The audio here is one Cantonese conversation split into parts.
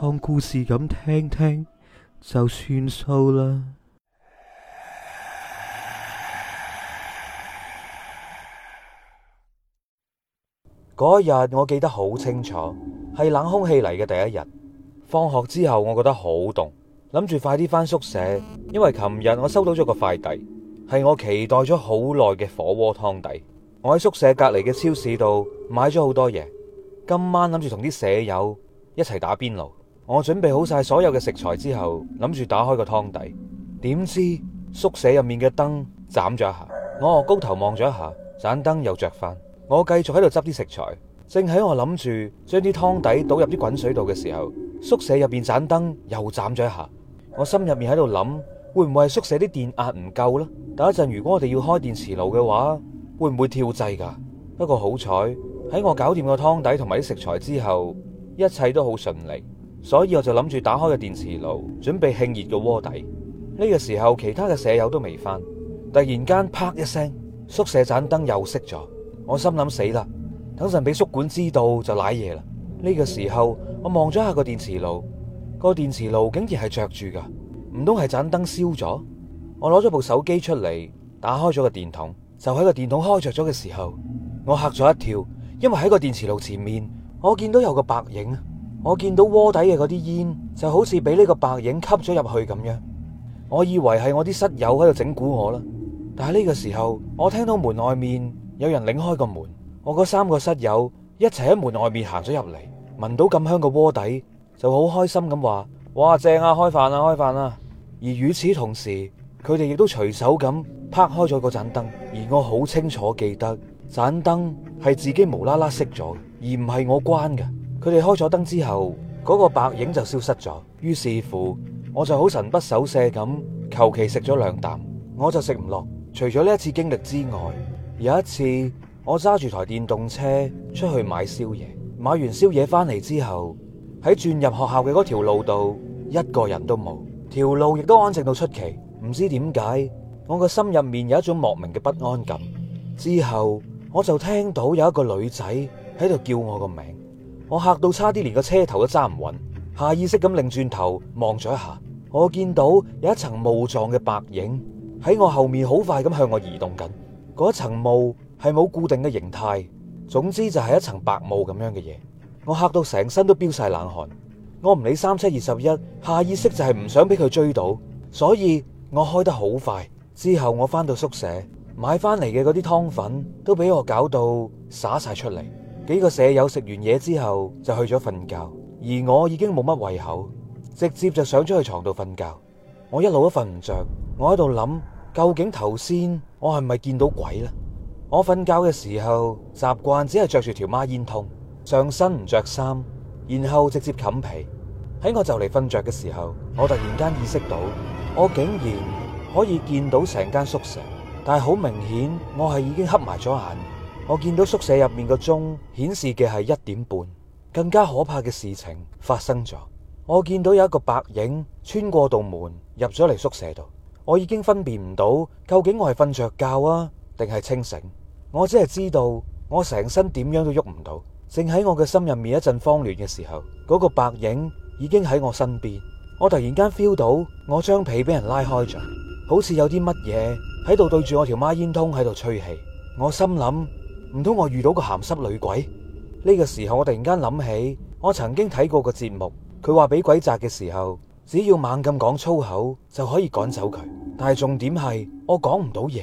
當故事咁聽聽就算數啦。嗰日我記得好清楚，係冷空氣嚟嘅第一日。放學之後，我覺得好凍，諗住快啲翻宿舍，因為琴日我收到咗個快遞，係我期待咗好耐嘅火鍋湯底。我喺宿舍隔籬嘅超市度買咗好多嘢，今晚諗住同啲舍友一齊打邊爐。我準備好晒所有嘅食材之後，諗住打開個湯底，點知宿舍入面嘅燈斬咗一下。我高頭望咗一下盞燈，盞燈又着翻。我繼續喺度執啲食材，正喺我諗住將啲湯底倒入啲滾水度嘅時候，宿舍入面盞燈又斬咗一下。我心入面喺度諗，會唔會係宿舍啲電壓唔夠呢？等一陣，如果我哋要開電磁爐嘅話，會唔會跳掣噶？不過好彩喺我搞掂個湯底同埋啲食材之後，一切都好順利。所以我就諗住打開個電磁爐，準備慶熱個鍋底。呢個時候，其他嘅舍友都未翻。突然間，啪一聲，宿舍盞燈又熄咗。我心諗死啦，等陣俾宿管知道就瀨嘢啦。呢個時候，我望咗下個電磁爐，個電磁爐竟然係着住噶，唔通係盞燈燒咗？我攞咗部手機出嚟，打開咗個電筒，就喺個電筒開着咗嘅時候，我吓咗一跳，因為喺個電磁爐前面，我見到有個白影。我見到窩底嘅嗰啲煙就好似俾呢個白影吸咗入去咁樣，我以為係我啲室友喺度整蠱我啦。但係呢個時候，我聽到門外面有人擰開個門，我嗰三個室友一齊喺門外面行咗入嚟，聞到咁香個窩底就好開心咁話：哇，正啊，開飯呀，開飯呀！而與此同時，佢哋亦都隨手咁拍開咗個盞燈，而我好清楚記得盞燈係自己無啦啦熄咗，而唔係我關嘅。佢哋開咗燈之後，嗰個白影就消失咗。於是乎，我就好神不守舍咁，求其食咗兩啖，我就食唔落。除咗呢一次經歷之外，有一次我揸住台電動車出去買宵夜，買完宵夜翻嚟之後，喺轉入學校嘅嗰條路度一個人都冇，條路亦都安靜到出奇。唔知點解，我個心入面有一種莫名嘅不安感。之後我就聽到有一個女仔喺度叫我個名。我嚇到差啲連個車頭都揸唔穩，下意識咁擰轉頭望咗一下，我見到有一層霧狀嘅白影喺我後面，好快咁向我移動緊。嗰一層霧係冇固定嘅形態，總之就係一層白霧咁樣嘅嘢。我嚇到成身都飆晒冷汗，我唔理三七二十一，下意識就係唔想俾佢追到，所以我開得好快。之後我翻到宿舍，買翻嚟嘅嗰啲湯粉都俾我搞到灑晒出嚟。幾個舍友食完嘢之後就去咗瞓覺，而我已經冇乜胃口，直接就上咗去床度瞓覺。我一路都瞓唔着，我喺度諗究竟頭先我係咪見到鬼啦？我瞓覺嘅時候習慣只係着住條孖煙筒，上身唔着衫，然後直接冚被。喺我就嚟瞓着嘅時候，我突然間意識到我竟然可以見到成間宿舍，但係好明顯我係已經黑埋咗眼。我見到宿舍入面個鐘顯示嘅係一點半，更加可怕嘅事情發生咗。我見到有一個白影穿過道門入咗嚟宿舍度，我已經分辨唔到究竟我係瞓着覺啊定係清醒。我只係知道我成身點樣都喐唔到，正喺我嘅心入面一陣慌亂嘅時候，嗰個白影已經喺我身邊。我突然間 feel 到我張被俾人拉開咗，好似有啲乜嘢喺度對住我條孖煙通喺度吹氣。我心諗。唔通我遇到個鹹濕女鬼？呢個時候我突然間諗起，我曾經睇過個節目，佢話俾鬼責嘅時候，只要猛咁講粗口就可以趕走佢。但係重點係我講唔到嘢。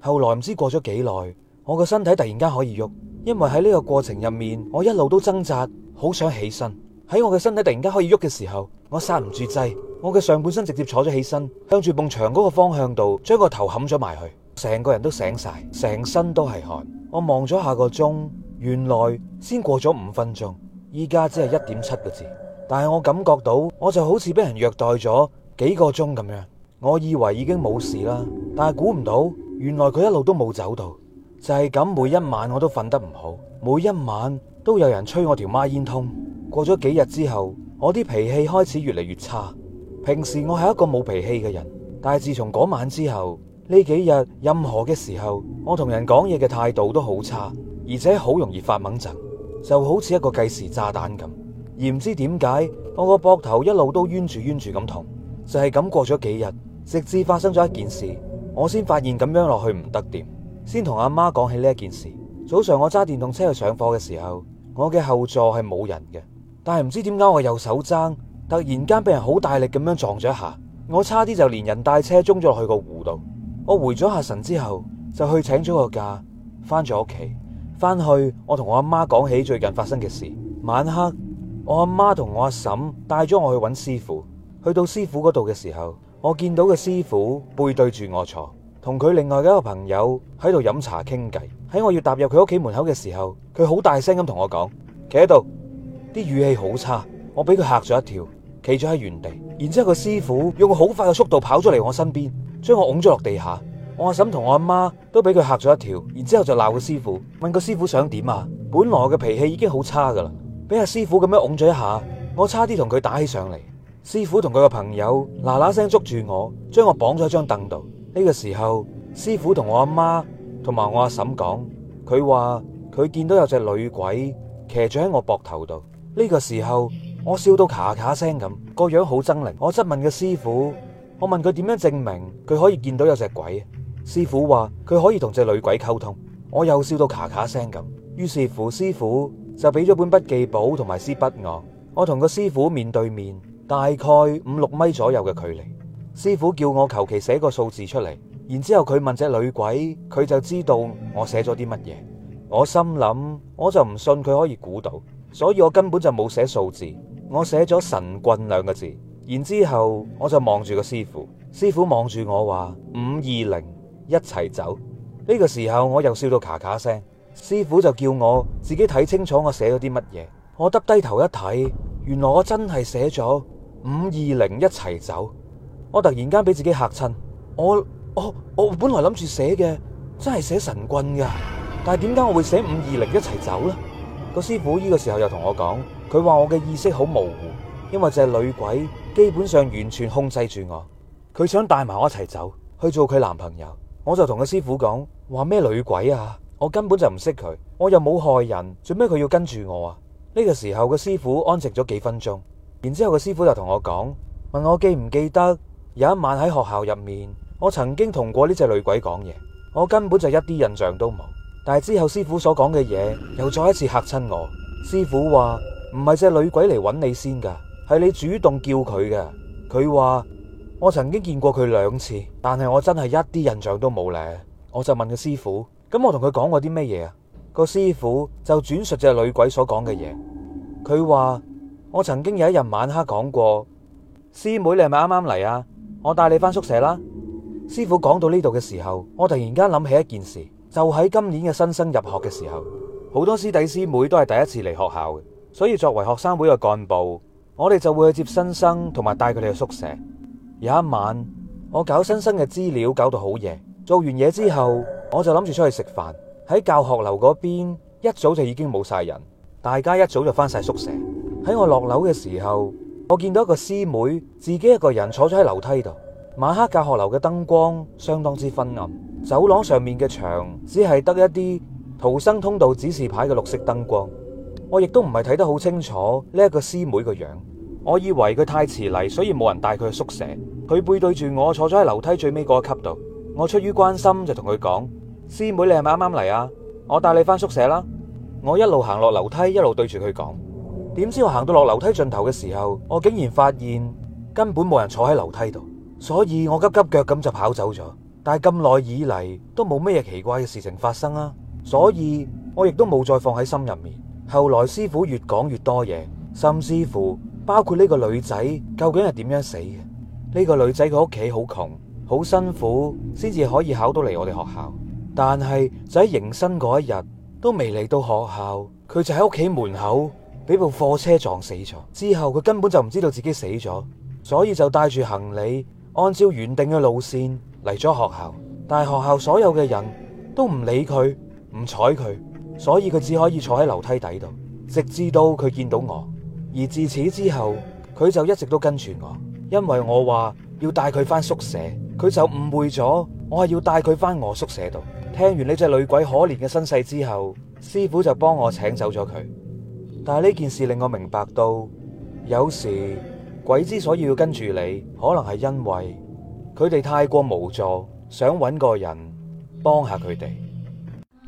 後來唔知過咗幾耐，我個身體突然間可以喐，因為喺呢個過程入面，我一路都掙扎，好想起身。喺我嘅身體突然間可以喐嘅時候，我剎唔住掣，我嘅上半身直接坐咗起身，向住埲牆嗰個方向度，將個頭冚咗埋去。成個人都醒晒，成身都係汗。我望咗下個鐘，原來先過咗五分鐘，依家只係一點七個字。但係我感覺到，我就好似俾人虐待咗幾個鐘咁樣。我以為已經冇事啦，但係估唔到，原來佢一路都冇走到。就係咁，每一晚我都瞓得唔好，每一晚都有人催我條孖煙通。過咗幾日之後，我啲脾氣開始越嚟越差。平時我係一個冇脾氣嘅人，但係自從嗰晚之後。呢幾日，任何嘅時候，我同人講嘢嘅態度都好差，而且好容易發猛震，就好似一個計時炸彈咁。而唔知點解，我個膊頭一路都冤住冤住咁痛，就係、是、咁過咗幾日，直至發生咗一件事，我先發現咁樣落去唔得掂。先同阿媽講起呢一件事。早上我揸電動車去上課嘅時候，我嘅後座係冇人嘅，但係唔知點解我右手踭，突然間俾人好大力咁樣撞咗一下，我差啲就連人帶車衝咗落去個湖度。我回咗下神之後，就去請咗個假，翻咗屋企。翻去我同我阿媽講起最近發生嘅事。晚黑，我阿媽同我阿嬸帶咗我去揾師傅。去到師傅嗰度嘅時候，我見到個師傅背對住我坐，同佢另外嘅一個朋友喺度飲茶傾偈。喺我要踏入佢屋企門口嘅時候，佢好大聲咁同我講，企喺度，啲語氣好差。我俾佢嚇咗一跳，企咗喺原地。然之後個師傅用好快嘅速度跑咗嚟我身邊。將我拱咗落地下，我阿嬸同我阿媽都俾佢吓咗一跳，然之後就鬧個師傅，問個師傅想點啊？本來我嘅脾氣已經好差噶啦，俾阿師傅咁樣拱咗一下，我差啲同佢打起上嚟。師傅同佢個朋友嗱嗱聲捉住我，將我綁咗喺張凳度。呢、這個時候，師傅同我，我阿媽同埋我阿嬸講，佢話佢見到有隻女鬼騎住喺我膊頭度。呢、這個時候，我笑到咔咔聲咁，個樣好猙獰。我質問個師傅。我問佢點樣證明佢可以見到有隻鬼？師傅話佢可以同隻女鬼溝通。我又笑到咔咔聲咁，於是乎師傅就俾咗本筆記簿同埋支筆我。我同個師傅面對面，大概五六米左右嘅距離。師傅叫我求其寫個數字出嚟，然之後佢問隻女鬼，佢就知道我寫咗啲乜嘢。我心諗我就唔信佢可以估到，所以我根本就冇寫數字，我寫咗神棍兩個字。然之後，我就望住個師傅，師傅望住我話：五二零一齊走。呢個時候，我又笑到咔咔聲，師傅就叫我自己睇清楚我寫咗啲乜嘢。我耷低頭一睇，原來我真係寫咗五二零一齊走。我突然間俾自己嚇親，我我我本來諗住寫嘅，真係寫神棍噶，但係點解我會寫五二零一齊走呢？個師傅呢個時候又同我講，佢話我嘅意識好模糊，因為就係女鬼。基本上完全控制住我，佢想帶埋我一齊走去做佢男朋友，我就同個師傅講，話咩女鬼啊，我根本就唔識佢，我又冇害人，做咩佢要跟住我啊！呢個時候個師傅安靜咗幾分鐘，然之後個師傅就同我講，問我記唔記得有一晚喺學校入面，我曾經同過呢隻女鬼講嘢，我根本就一啲印象都冇。但係之後師傅所講嘅嘢又再一次嚇親我，師傅話唔係隻女鬼嚟揾你先噶。係你主動叫佢嘅。佢話我曾經見過佢兩次，但係我真係一啲印象都冇呢。我就問個師傅，咁我同佢講過啲咩嘢啊？個師傅就轉述隻女鬼所講嘅嘢。佢話我曾經有一日晚黑講過，師妹你係咪啱啱嚟啊？我帶你翻宿舍啦。師傅講到呢度嘅時候，我突然間諗起一件事，就喺今年嘅新生入學嘅時候，好多師弟師妹都係第一次嚟學校嘅，所以作為學生會嘅幹部。我哋就會去接新生，同埋帶佢哋去宿舍。有一晚，我搞新生嘅資料搞到好夜，做完嘢之後，我就諗住出去食飯。喺教學樓嗰邊，一早就已經冇晒人，大家一早就翻晒宿舍。喺我落樓嘅時候，我見到一個師妹自己一個人坐咗喺樓梯度。晚黑教學樓嘅燈光相當之昏暗，走廊上面嘅牆只係得一啲逃生通道指示牌嘅綠色燈光。我亦都唔係睇得好清楚呢一個師妹個樣，我以為佢太遲嚟，所以冇人帶佢去宿舍。佢背對住我坐咗喺樓梯最尾個級度。我出於關心就同佢講：師妹，你係咪啱啱嚟啊？我帶你翻宿舍啦。我一路行落樓梯，一路對住佢講。點知我行到落樓梯盡頭嘅時候，我竟然發現根本冇人坐喺樓梯度，所以我急急腳咁就跑走咗。但係咁耐以嚟都冇咩奇怪嘅事情發生啊，所以我亦都冇再放喺心入面。後來師傅越講越多嘢，甚至乎包括呢個女仔究竟係點樣死嘅？呢個女仔佢屋企好窮，好辛苦，先至可以考到嚟我哋學校。但係就喺迎新嗰一日，都未嚟到學校，佢就喺屋企門口俾部貨車撞死咗。之後佢根本就唔知道自己死咗，所以就帶住行李，按照原定嘅路綫嚟咗學校。但係學校所有嘅人都唔理佢，唔睬佢。所以佢只可以坐喺樓梯底度，直至到佢見到我。而自此之後，佢就一直都跟住我，因為我話要帶佢翻宿舍，佢就誤會咗我係要帶佢翻我宿舍度。聽完呢隻女鬼可憐嘅身世之後，師傅就幫我請走咗佢。但係呢件事令我明白到，有時鬼之所以要跟住你，可能係因為佢哋太過無助，想揾個人幫下佢哋。